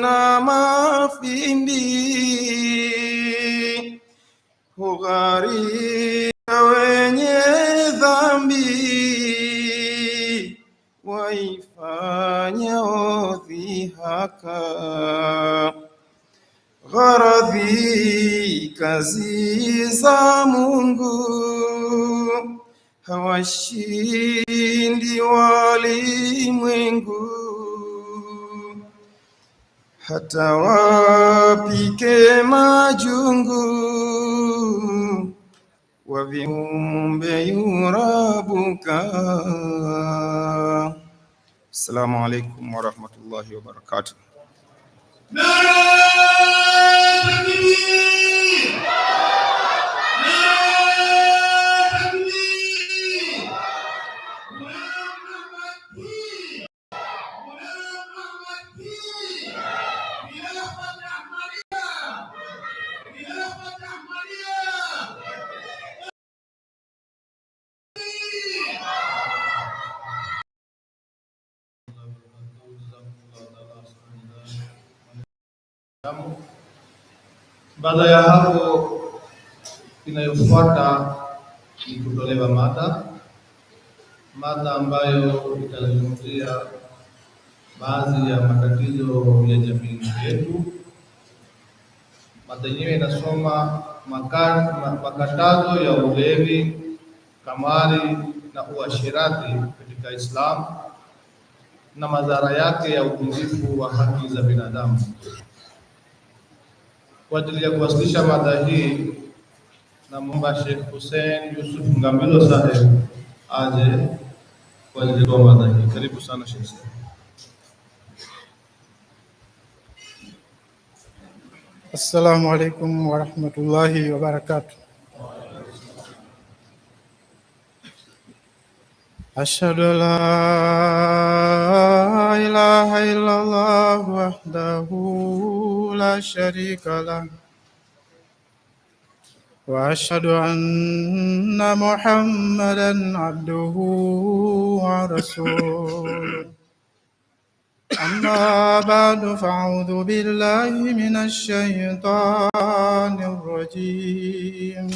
na mafindi hugharika wenye dhambi waifanya odhihaka gharadhi kazi za Mungu hawashindi walimwengu hata wapike majungu wa viumbe yurabuka. Assalamu alaikum warahmatullahi wabarakatuh. Baada ya hapo inayofuata ni kutolewa mada, mada ambayo itazungumzia baadhi ya matatizo ya jamii yetu. Mada yenyewe inasoma makatazo ya ulevi, kamari na uashirati katika Islam na madhara yake ya uvunjifu wa haki za binadamu. Kwa ajili ya kuwasilisha mada hii namwomba Sheikh Hussein Yusuf Ngambilo Saheb aje kwa ajili ya mada hii. Karibu sana Sheikh. Assalamu alaikum wa wabarakatuh. أشهد أن لا إله إلا الله wahdahu لا شريك له واشهد ان محمدا عبده ورسوله اما بعد فاعوذ بالله من الشيطان الرجيم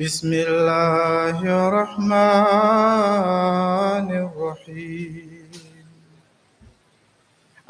بسم الله الرحمن الرحيم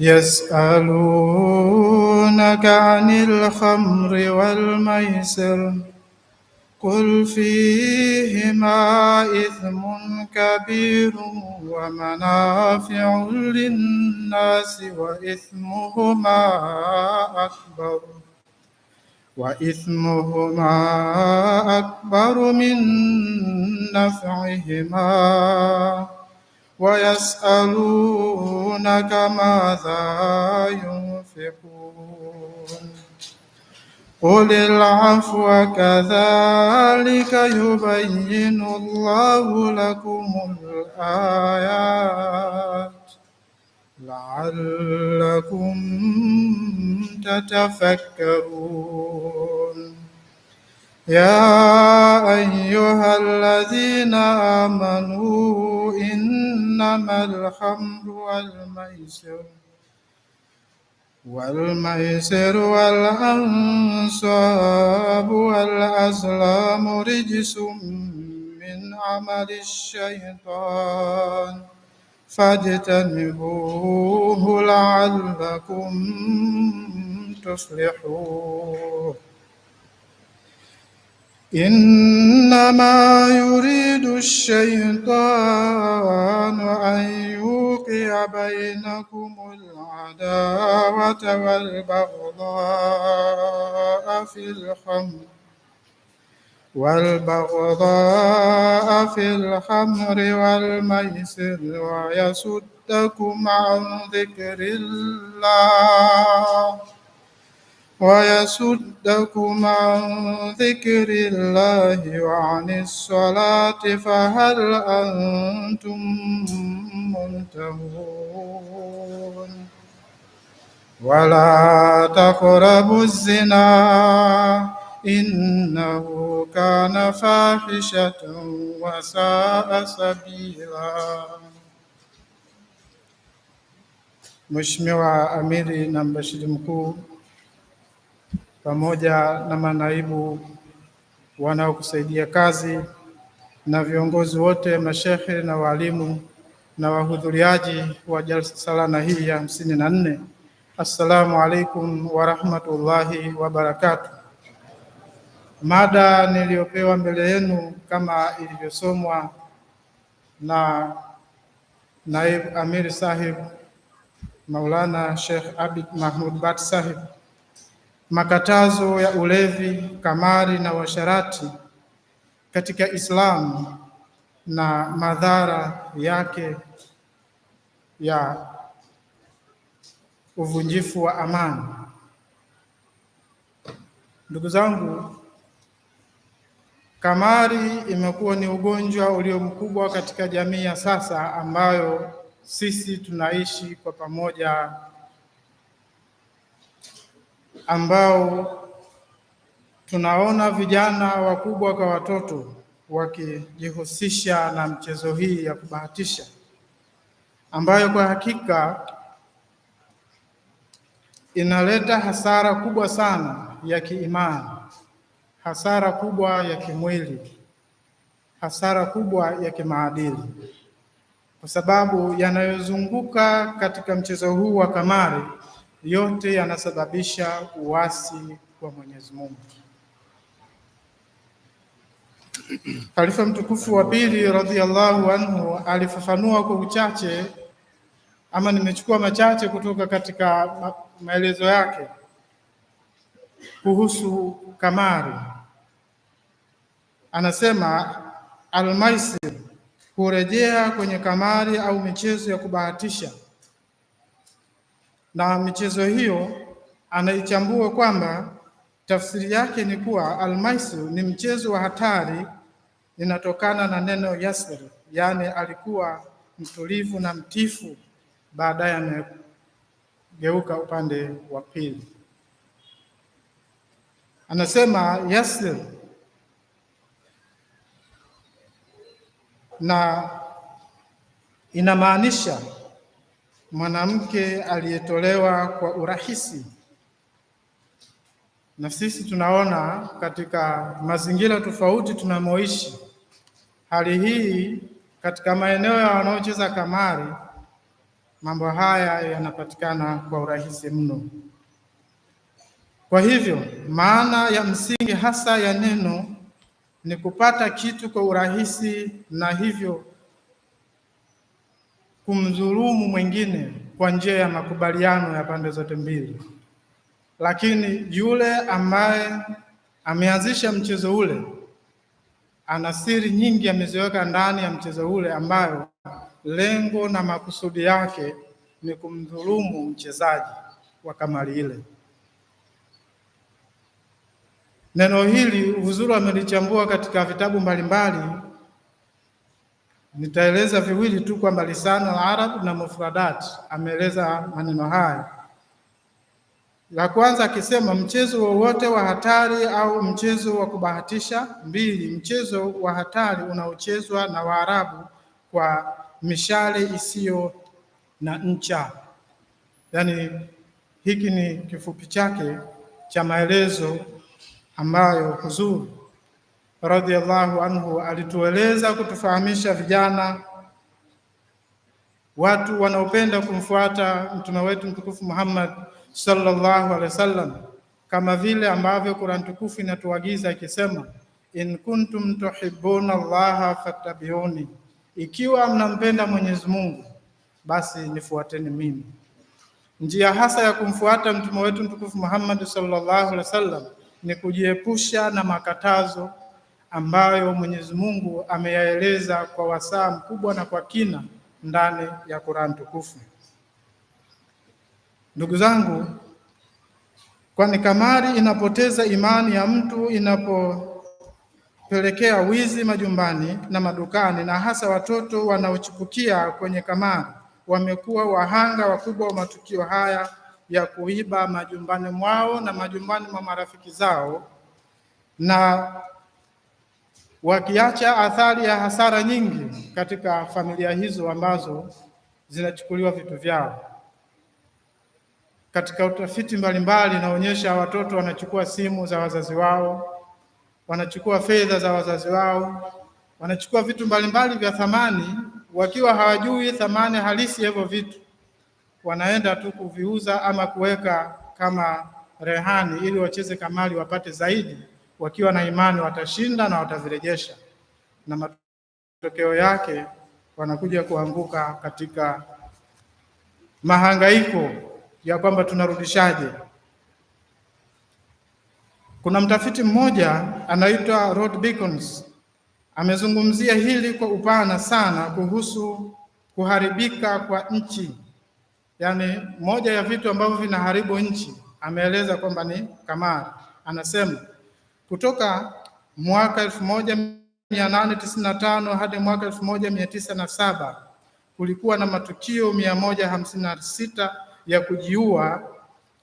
يسألونك عن الخمر والميسر قل فيهما إثم كبير ومنافع للناس وإثمهما أكبر وإثمهما أكبر من نفعهما ويسألونك ماذا ينفقون قل العفو كذلك يبين الله لكم الآيات لعلكم تتفكرون يا أيها الذين آمنوا إن إنما الخمر والميسر والميسر والأنصاب والأزلام رجس من عمل الشيطان فاجتنبوه لعلكم تفلحون إنما يريد الشيطان أن يوقع بينكم العداوة والبغضاء في الخمر والبغضاء في الخمر والميسر ويصدكم عن ذكر الله ويسدكم عن ذكر الله وعن الصلاة فهل أنتم منتهون ولا تقربوا الزنا إنه كان فاحشة وساء سبيلا مشمع أميري نمبشد مكو pamoja na manaibu wanaokusaidia kazi na viongozi wote, mashehe na waalimu na wahudhuriaji wa jalsa salana hii ya hamsini na nne. Assalamu alaikum warahmatullahi wabarakatu Mada niliyopewa mbele yenu kama ilivyosomwa na naibu amiri sahib Maulana Sheikh Abid Mahmud Bat sahib Makatazo ya ulevi, kamari na washarati katika Islamu na madhara yake ya uvunjifu wa amani. Ndugu zangu, kamari imekuwa ni ugonjwa ulio mkubwa katika jamii ya sasa ambayo sisi tunaishi kwa pamoja ambao tunaona vijana wakubwa kwa watoto wakijihusisha na mchezo hii ya kubahatisha ambayo kwa hakika inaleta hasara kubwa sana ya kiimani, hasara kubwa ya kimwili, hasara kubwa ya kimaadili, kwa sababu yanayozunguka katika mchezo huu wa kamari yote yanasababisha uasi wa Mwenyezi Mungu. Khalifa mtukufu wa pili radhiallahu anhu alifafanua kwa uchache, ama nimechukua machache kutoka katika maelezo yake kuhusu kamari. Anasema almaisir, kurejea kwenye kamari au michezo ya kubahatisha na michezo hiyo, anaichambua kwamba tafsiri yake ni kuwa almaisu ni mchezo wa hatari, inatokana na neno yasir, yaani alikuwa mtulivu na mtifu, baadaye amegeuka upande wa pili. Anasema yasir na inamaanisha mwanamke aliyetolewa kwa urahisi. Na sisi tunaona katika mazingira tofauti tunamoishi, hali hii katika maeneo ya wanaocheza kamari, mambo haya yanapatikana kwa urahisi mno. Kwa hivyo, maana ya msingi hasa ya neno ni kupata kitu kwa urahisi na hivyo kumdhulumu mwingine kwa njia ya makubaliano ya pande zote mbili, lakini yule ambaye ameanzisha mchezo ule ana siri nyingi ameziweka ndani ya mchezo ule, ambayo lengo na makusudi yake ni kumdhulumu mchezaji wa kamari ile. Neno hili uzuri amelichambua katika vitabu mbalimbali Nitaeleza viwili tu kwamba lisanu al-arab na mufradat. Ameeleza maneno haya. La kwanza akisema mchezo wowote wa hatari au mchezo wa kubahatisha. Mbili, mchezo wa hatari unaochezwa na Waarabu kwa mishale isiyo na ncha. Yaani, hiki ni kifupi chake cha maelezo ambayo huzuri radhiallahu anhu alitueleza kutufahamisha vijana, watu wanaopenda kumfuata mtume wetu mtukufu Muhammad sallallahu alaihi wasallam, kama vile ambavyo Qur'an tukufu inatuagiza ikisema, in kuntum tuhibbuna Allaha fattabiuni, ikiwa mnampenda Mwenyezi Mungu basi nifuateni mimi. Njia hasa ya kumfuata mtume wetu mtukufu Muhammad sallallahu alaihi wasallam ni kujiepusha na makatazo ambayo Mwenyezi Mungu ameyaeleza kwa wasaa mkubwa na kwa kina ndani ya Qur'an tukufu. Ndugu zangu, kwani kamari inapoteza imani ya mtu inapopelekea wizi majumbani na madukani, na hasa watoto wanaochipukia kwenye kamari wamekuwa wahanga wakubwa wa matukio haya ya kuiba majumbani mwao na majumbani mwa marafiki zao na wakiacha athari ya hasara nyingi katika familia hizo ambazo zinachukuliwa vitu vyao. Katika utafiti mbalimbali inaonyesha watoto wanachukua simu za wazazi wao, wanachukua fedha za wazazi wao, wanachukua vitu mbalimbali vya thamani, wakiwa hawajui thamani halisi ya hivyo vitu, wanaenda tu kuviuza ama kuweka kama rehani, ili wacheze kamari wapate zaidi wakiwa na imani watashinda na watazirejesha, na matokeo yake wanakuja kuanguka katika mahangaiko ya kwamba tunarudishaje. Kuna mtafiti mmoja anaitwa Rod Beacons amezungumzia hili kwa upana sana kuhusu kuharibika kwa nchi, yaani moja ya vitu ambavyo vinaharibu nchi ameeleza kwamba ni kamari. Anasema kutoka mwaka 1895 hadi mwaka saba kulikuwa na matukio 156 ya kujiua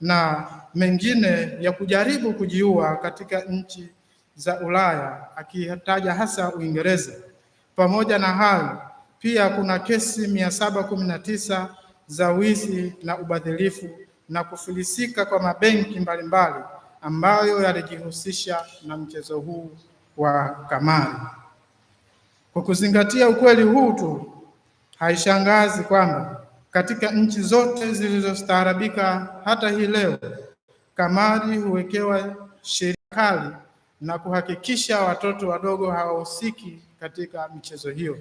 na mengine ya kujaribu kujiua katika nchi za Ulaya, akitaja hasa Uingereza. Pamoja na hayo, pia kuna kesi 719 za wizi na ubadhilifu na kufilisika kwa mabenki mbalimbali mbali ambayo yalijihusisha na mchezo huu wa kamari. Kwa kuzingatia ukweli huu tu, haishangazi kwamba katika nchi zote zilizostaarabika hata hii leo kamari huwekewa sheria kali na kuhakikisha watoto wadogo hawahusiki katika michezo hiyo.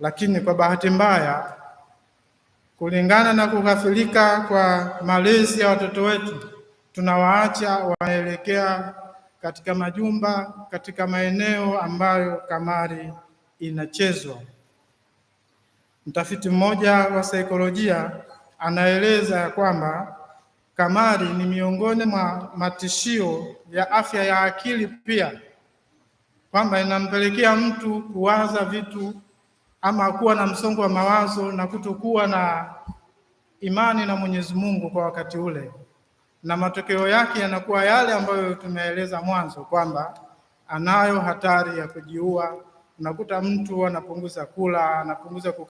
Lakini kwa bahati mbaya, kulingana na kughafilika kwa malezi ya watoto wetu tunawaacha wanaelekea katika majumba, katika maeneo ambayo kamari inachezwa. Mtafiti mmoja wa saikolojia anaeleza ya kwamba kamari ni miongoni mwa matishio ya afya ya akili pia, kwamba inampelekea mtu kuwaza vitu ama kuwa na msongo wa mawazo na kutokuwa na imani na Mwenyezi Mungu kwa wakati ule na matokeo yake yanakuwa yale ambayo tumeeleza mwanzo kwamba anayo hatari ya kujiua. Unakuta mtu anapunguza kula, anapunguza